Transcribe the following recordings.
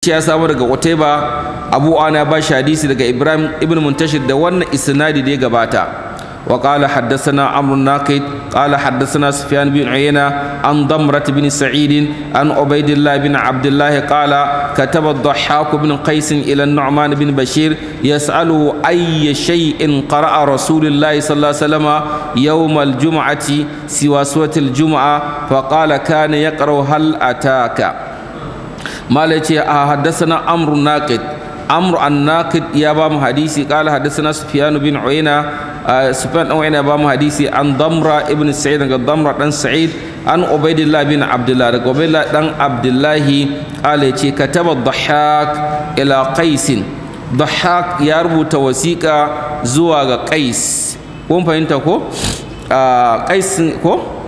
ya samu daga Qutayba Abu Ana ba shi hadisi daga Ibrahim ibn Muntashir da wannan isnadi da ya gabata wa qala haddathana Amr Naqid qala haddathana Sufyan bin Uyayna an Damrat bin Sa'id an Ubaydillah bin Abdullah qala kataba ad-Dhahhak bin Qais ila Nu'man bin Bashir yas'aluhu ay shay'in qara'a Rasulullah sallallahu alaihi wasallam yawm al-jum'ati siwa suwatil jum'a fa qala kana yaqra'u hal taka. mala ce a haddasana amru naqid amru an naqid ya ba mu hadisi qala haddasana sufyan bin uyna sufyan bin uyna ba mu hadisi an damra ibn sa'id daga damra ɗan sa'id an ubaidillah bin abdullah daga ubaidillah ɗan abdullahi ƙala ce kataba dhahak ila qais dhahak ya rubuta wasiƙa zuwa ga qais kun fahimta ko qais ko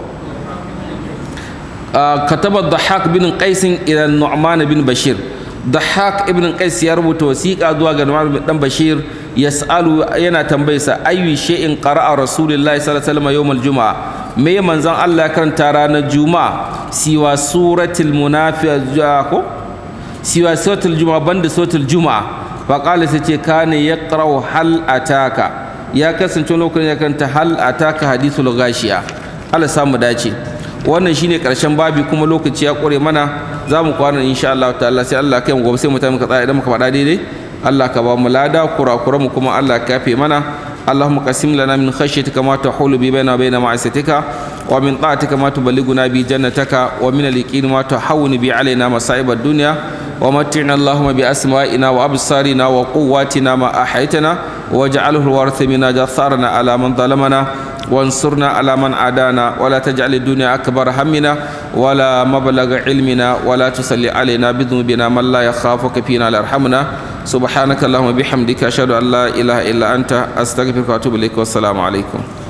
كتب الضحاك بن قيس إلى النعمان بن بشير ضحاك ابن قيس يربط وثيقة دواء نعمان بن بشير يسأل ينا تنبيسا أي شيء قرأ رسول الله صلى الله عليه وسلم يوم الجمعة مي منزل الله كان ترانا الجمعة سوى سورة المنافق سوى سورة الجمعة بند سورة الجمعة فقال سيتي كان يقرأ هل أتاك يا كسن تونو كان يكن هل أتاك حديث الغاشية على سامداتي wannan shine karshen babi kuma lokaci ya kure mana za mu kwana insha Allah ta'ala sai Allah kai mu gobe sai mu tafi tsaya idan muka faɗa daidai Allah ka ba mu lada kurakura mu kuma Allah ka yafe mana اللهم قسم لنا من خشيتك ما تحول بي بيننا وبين معصيتك ومن طاعتك ما تبلغنا به جنتك ومن اليقين ما تحول بي علينا مصائب الدنيا ومتعنا اللهم بأسمائنا وأبصارنا وقواتنا ما أحيتنا واجعله الوارث منا جثارنا على من ظلمنا وانصرنا على من عادانا ولا تجعل الدنيا أكبر همنا ولا مبلغ علمنا ولا تسل علينا بذنوبنا من لا يخافك فينا لا يرحمنا سبحانك اللهم وبحمدك أشهد أن لا إله إلا أنت أستغفرك وأتوب إليك والسلام عليكم